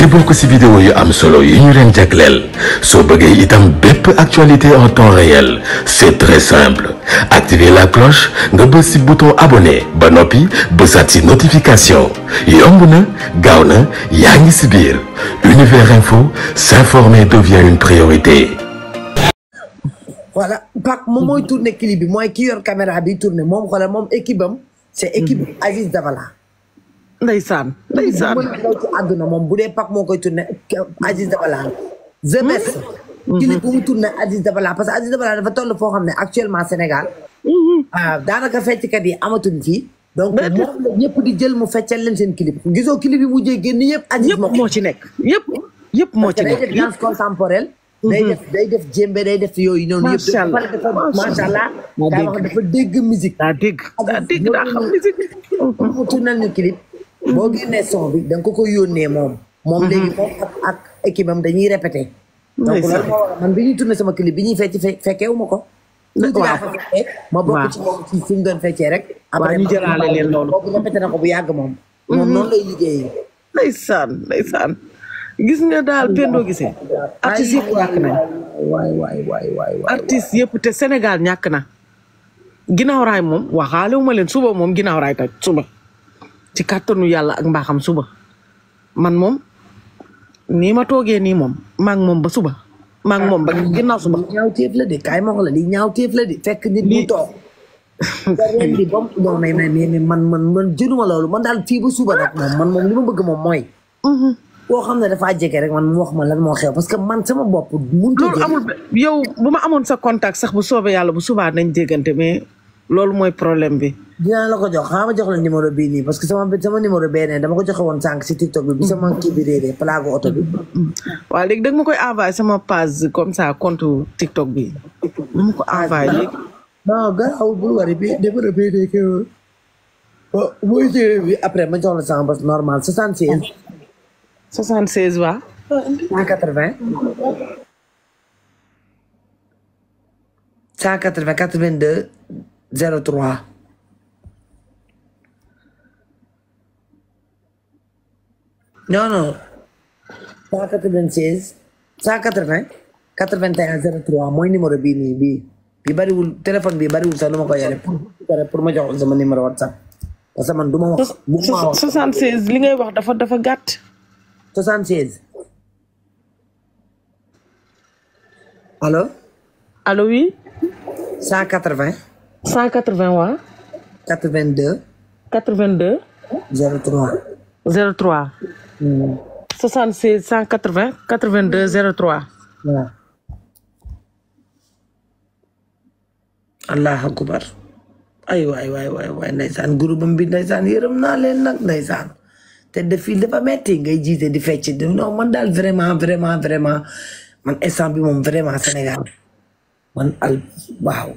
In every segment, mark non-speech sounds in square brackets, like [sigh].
di bokk si vidéo yu am solo yu ñu jagleel soo bëggee itam bépp actualité en temps réel c'est très simple activer la cloche nga bës ci bouton abonné ba noppi bësaat ci notification yomb na gaaw na yaa ngi ci biir univers info s'informer devient une priorité. voilà Pape moom mooy tourner clip bi mooy ki bi tourner moom moom équipe ndeysaan ndeysaan mën a daw ci àdduna moom bu dee pak moo koy tourné Aziz Dabala the hmm? best hmm. clip bu mu tourné Aziz Dabala parce que Aziz Dabala dafa toll foo xam ne actuellement Sénégal hmm. ah, daanaka fecckat yi amatuñ fii donc moom la ñëpp di jël mu feccal leen seen clip gisoo clip yi mujjee génn yëpp Aziz moo ci nekk yëpp yëpp moo ci nekk day def danse contemporaine day def day def jémbe day def yooyu noonu yëpp macha allah daa wax dafa dégg musique daa dégg daa dégg daa xam musique mu tournel ñu clip boo génnee son bi da ko ko yónnee moom. moom mhm. léegi moom ak ak équipe dañuy répété. donc loolu moo waral man bi ñuy tourné sama clip bi ñuy fecc fekkeewu ma ko. waaw ma bokk ci moom fi mu feccee rek. après ñu jëlaale leen loolu boobu répété na ko bu yàgg moom. Mhm. moom noonu lay liggéeyee. ndeysaan ndeysaan gis nga daal Pendo Guissé. artistes yëpp ñàkk te Sénégal ñàkk na. ginnaaw raay moom waxaale wu ma leen suba moom ginnaaw raay toj suba. ci kàttanu yàlla ak mbaaxam suba man moom nii ma toogee nii moom maa moom ba suba maa moom ba ginnaaw suba. ñaaw teef la de kaay ma wax la ñaaw teef la de fekk nit mu toog. di bom non mais mais man man man jëluma loolu man daal fii ba suba nag moom man moom li ma bëgg moom mooy. Mm-hmm. koo xam ne dafaa jege rek man wax ma lan moo xew parce que man sama bopp. mënut loolu amul yow bu ma amoon sa contact sax bu soobee yàlla bu subaa nañ déggante mais loolu mooy problème bi. dinaa la ko jox xaaral ma jox la numéro bii nii parce que sama sama numéro beneen dama ko joxe woon sànq si TikTok bi bi sama mm-hmm. kii bi réeree palaagu oto bi. Mm-hmm. waaw léegi da ma koy envoyé sama page comme sa compte TikTok bi. mu ko envoyé ah, léegi. bii day kii ba ma jox la sama bas normal 76. 76 waaw. 180. Non, non. 196 180 81 03 mooy numéro bii nii bii bi bariwul téléphone bi bariwul sax lu ma ko yore pour ma jox sama numéro WhatsApp parce que man du ma wax. bu ma wax 76 li ngay wax dafa dafa gàtt. 76. allo. allo oui. 180. 180 waaw. 82. 82. 03. 03. 76 180 82 03. waaw. allah akubar ay waay waay waay waay ndaysaan groupe bi ndaysaan yërëm naa leen nag ndaysaan te def fii dafa metti ngay jiite di fecc di non man daal vraiment vraiment vraiment man instant bi moom vraiment Sénégal man al waaw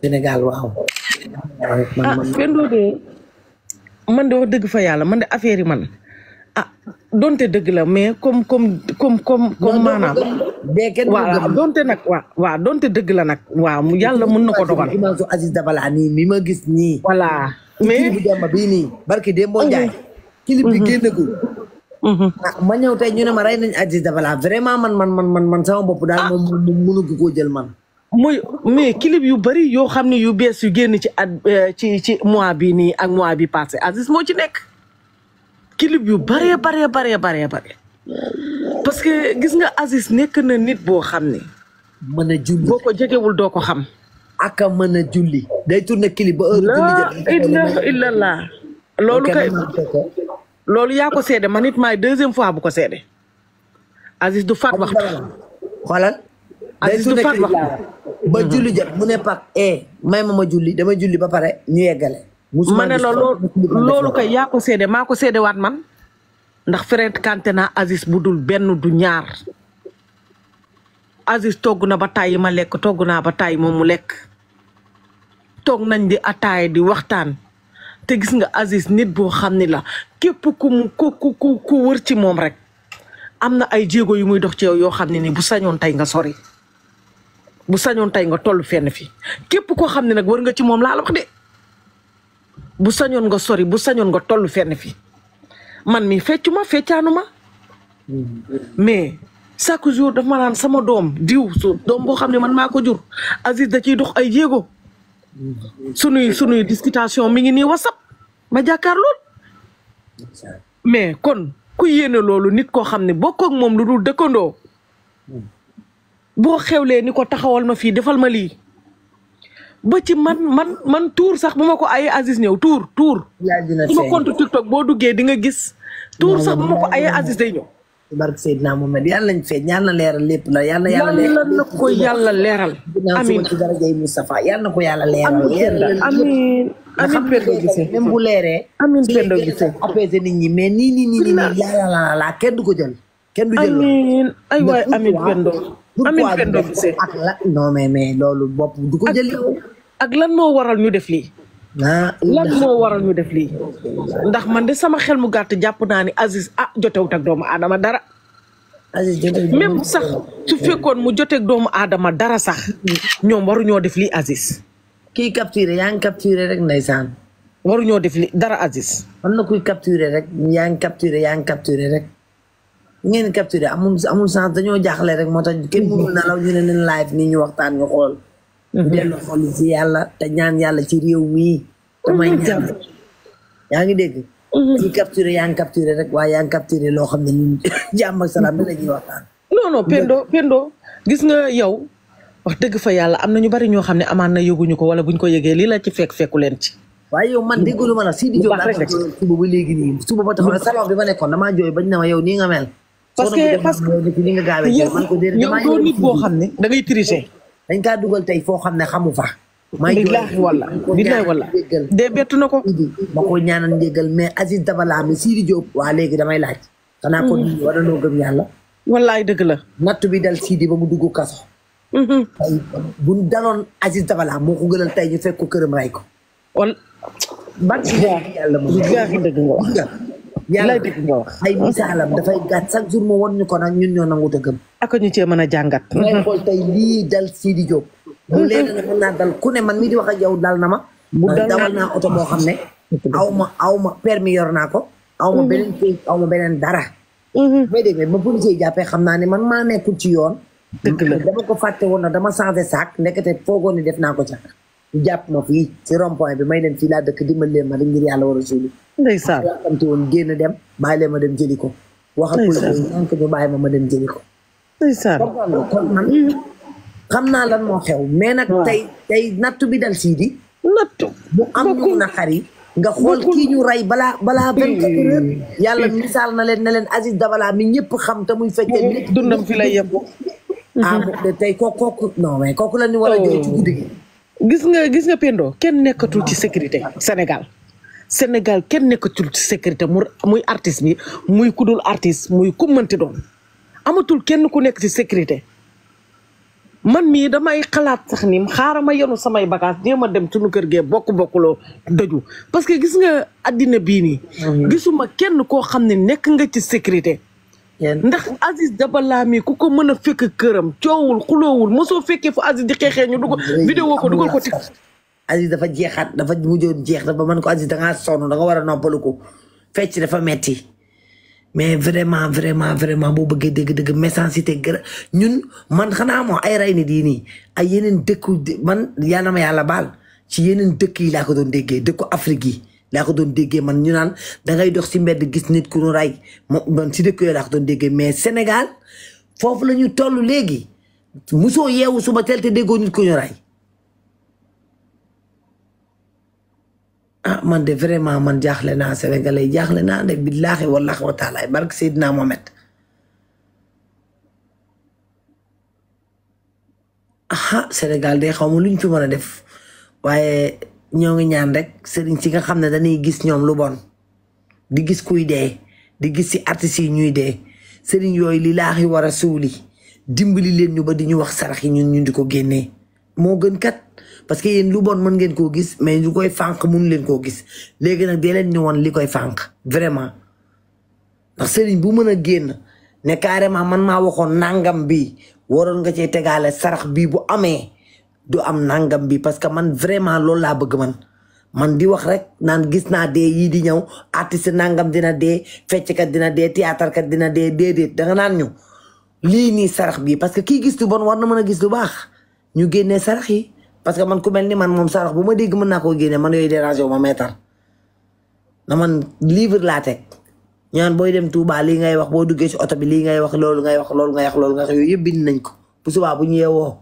Sénégal waaw. ah man de wax dëgg fa yàlla man de affaire yi man. ah donte dëgg la mais comme comme comme comme comme maanaam. waaw donte nag waaw waaw donte dëgg la nag. waaw mu yàlla mën na ko dogal. image Aziz Dabala nii mi ma gis nii. voilà mais bu dem bii nii. barki Demba Ndiaye. Mhm. clip bi mhm. génn ko. Mhm. Ah, ma ñëw tey ñu ne ma rey nañ Aziz Dabala vraiment man man man man man sama bopp daal ah. moom mënu koo jël man. muy mais clip yu bëri yoo xam ne yu bees yu génn ci euh, ci ci mois bi nii ak mois bi passé Aziz moo ci nekk. clip yu baree baree baree baree bare parce que gis nga Aziz nekk na nit boo xam ne. mën a julli boo ko jegewul doo ko xam. ak a mën julli. day tourné clip ba heure julli. la illallah loolu loolu yaa ko seede man it maay deuxième fois bu ko seede. Aziz du faat waxtu. xoolal. Aziz du faat waxtu. ba julli jot mu ne Pape eh may ma ma julli dama julli ba pare ñu yeggale. ma ne la loolu kay yaa ko séede maa ko séede waat man ndax fréquenté naa Aziz bu dul benn du ñaar Aziz togg na ba tàyyi ma lekk togg naa ba tàyyi moom mu lekk toog nañ di ataaya di waxtaan te gis nga Aziz nit boo xam ni la képp ku mu wër ci moom rek am na ay jigo yu muy dox ci yow yoo xam ne ni bu sañoon tey nga sori bu sañoon tey nga toll fenn fi képp koo xam ne nag war nga ci moom laa la wax de bu sañoon nga sori bu sañoon nga toll fenn fi man mi feccu ma feccaanu ma mais chaque jour daf ma naan sama doom diw su doom boo xam ne man maa ko jur Aziz da ciy dox ay jéego sunuy sunuy discutation mi ngi nii WhatsApp ma jàkkaar lool mais kon ku yéene loolu nit koo xam ne bokk ak moom lu dul dëkkandoo hmm. boo xewlee ni ko taxawal ma fii defal ma lii ba ci man man man tuur sax bu ma ko ayee Aziz ñëw tuur tuur. su ma compte TikTok boo duggee di nga gis. tuur sax bu ma ko ayee Aziz day ñëw. barke Seydina nañ feeñ yàlla leeral lépp la yàlla yàlla leeral na ko yàlla leeral amiin ci darajay Moustapha yàlla na ko yàlla leeral amiin amiin Pendo Guissé bu leeree amiin Pendo Guissé apaisé nit ñi mais nii nii nii nii la kenn du ko jël kenn du jël amiin fenn doo gisee ak la non mais mais bopp du ko jëli ak lan moo waral ñu def lii. Ah, lan moo waral ñu def lii. ndax man de sama xel mu gàtt jàpp naa ni Aziz ah jotewut ak doomu aadama dara. Aziz sax su fekkoon mu jote doomu aadama dara sax ñoom waruñoo def lii Aziz. kii capturé yaa ngi capturé rek ndeysaan. waruñoo def lii dara Aziz. man na kuy capturé rek yaa ngi capturé yaa ngi rek. ngeen capturé amul amul sens dañoo jaaxle rek moo tax kenn mënul nalaw ñu ne leen live nii ñu waxtaan ñu xool mhm. ñu dellu xool ci yàlla te ñaan yàlla ci réew mii damay mhm. yaa ngi dégg mhm. ci capturé rek waaye yaa ngi capturé loo xam ne ñun [laughs] jàmm ak salaam bi la ñuy waxtaan non non gis nga yow wax dëgg fa yàlla am na ñu bari ñoo xam ne amaan na yëguñu ko wala buñ ko yëgee lii la ci fekk fekku leen ci waaye yow man dégguluma la Sidi Diop suba ba léegi nii suba ba taxaw salon bi ma nekkoon damaa jooy bañ na ma yow nii nga mel parce que parce que yow doo nit boo xam ne da ngay tricher. Eh, dañ kaa dugal tey foo xam ne xamu fa. maa ngi laaxi wala billaay wala dee bettu na ko. ma ko ñaanal njéggal mais Aziz Dabala mi Sidi Diop. waa léegi damay laaj. xanaa kon mm-hmm. war nañoo gëm yàlla. wallaay dëgg la. natt bi dal Sidi ba mu dugg kaso. tey mm-hmm. bu ñu daloon Aziz Dabala moo ko gënal tey ñu fekk ko këram ray ko. wala. ban Sidi yàlla moo dëgg nga wax. yàlla ay misaalam dafay gàtt chaque jour mu won ñu ko nag ñun ñoo nangu te gëm. ak ñu cee mën a jàngat. ngay xool tey lii dal Sidi Diop. bu léegi nag mën dal ku ne man mii di wax ak yow dal na ma. bu dawal naa oto boo xam ne. aw ma aw ma permis naa ko. aw mhm. beneen kii aw ma beneen dara. Mhm. mais dégg ba policier yi jàppee xam naa ne man maa nekkul ci yoon. dëgg la dama ko fàtte woon na dama changé saak ndekete foogoon ne def naa ko ca. ñu jàpp ma fii ci rond point bi may leen fii laa dëkk dimbal leen ma rek ngir yàlla war a suuli ndeysaan yàkkamti woon dem bàyyi ma dem jëli ko wax ak police ma ma dem jëli ko ndeysaan kon man xam naa lan moo xew mais nag tey tey nattu bi dal sii di nattu mu am ñu na xari ñu rey balaa balaa yàlla misaal na leen ne leen Aziz Dabala mi ñëpp xam te muy fekkee nit dundam fi lay yem ah de tey kooku war a jël ci oh. guddi gi gis nga gis nga Pendo kenn nekkatul ci sécurité Sénégal Sénégal kenn nekkatul ci sécurité mu muy artiste bi muy ku dul artiste muy ku mënti doon amatul kenn ku nekk ci sécurité man mii damay xalaat sax ni xaaral ma yenu samay bagage jéem a dem suñu kër gee bokk bokkuloo dëju parce que gis nga àddina bii nii. Mm-hmm. gisuma kenn koo xam ne nekk nga ci sécurité. ndax Aziz daba mi ku ko mën a fekk këram coowul xuloowul mosoo fekkee fu Aziz di xeexee ñu dugal vidéo ko dugal ko tik Aziz dafa jeexaat dafa mujjoon jeex dafa mën ko Aziz da soon sonn da nga war a noppalu ko fecc dafa metti mais vraiment vraiment vraiment boo bëggee dëgg-dëgg méchanceté gërë ñun man xanaa moo ay rey ni dii nii ay yeneen dëkku man yal na yàlla baal ci yeneen dëkk yi laa ko doon déggee dëkku Afrique yi laa ko man ñu naan dangay dox si mbedd gis nit ku nu rey moom man si dëkk yooyu laa ko déggee mais Sénégal foofu la ñu toll léegi musoo yeewu suba teel te déggoo nit ku ñu rey ah man de vraiment man jaaxle naa Sénégalais jaaxle naa de billaahi wallaahi wa taala barke Seydina Mohamed aha Sénégal de xaw ma luñ fi mën a def waaye ñoo ngi ñaan rek sëriñ si nga xam ne dañuy gis ñoom lu bon di gis kuy dee di gis si artistes yi ñuy dee sëriñ yooyu lilaax yi war a suuli dimbali leen ñu ba di ñu wax sarax yi ñun ñu di ko génnee moo gën kat parce que yéen lu bon mën ngeen koo gis mais ñu koy fànq mun leen koo gis léegi nag dee leen woon li koy fànq vraiment ndax sëriñ bu mën a génn ne carrément man maa waxoon nangam bi waroon nga cee tegale sarax bii bu amee du am nangam bi parce que man vraiment loolu laa bëgg man man di wax rek naan gis naa dee yii di ñëw artiste nangam dina dee fecckat dina dee théâtre kat dina dee déedéet da nga naan ñu lii nii sarax bii parce que kii gis lu bon war na man a gis lu baax ñu génne sarax yi parce que man ku mel ni man moom sarax bu ma dégg mën naa koo génne man yooyu déranger wu ma na man livre laa teg ñaan booy dem Touba lii ngay wax boo duggee ci oto bi lii ngay wax loolu ngay wax loolu ngay wax loolu ngay wax yooyu yëpp bind nañ ko bu subaa bu ñu yeewoo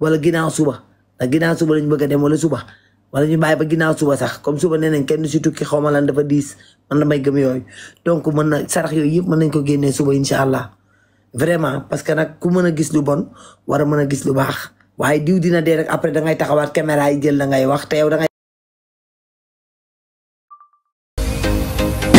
wala ginnaaw suba ndax ginnaaw suba lañ bëgg a dem wala suba wala ñu bàyyi ba ginnaaw suba sax comme suba nee nañ kenn si tukki xaw ma lan dafa diis man damay gëm yooyu donc na sarax yooyu yëpp man nañ ko génnee suba incha allah vraiment parce que nag ku mën a gis lu bon war a man a gis lu baax waaye diw dina dee rek après dangay taxawaat caméra yi jël la ngay wax te yow dangay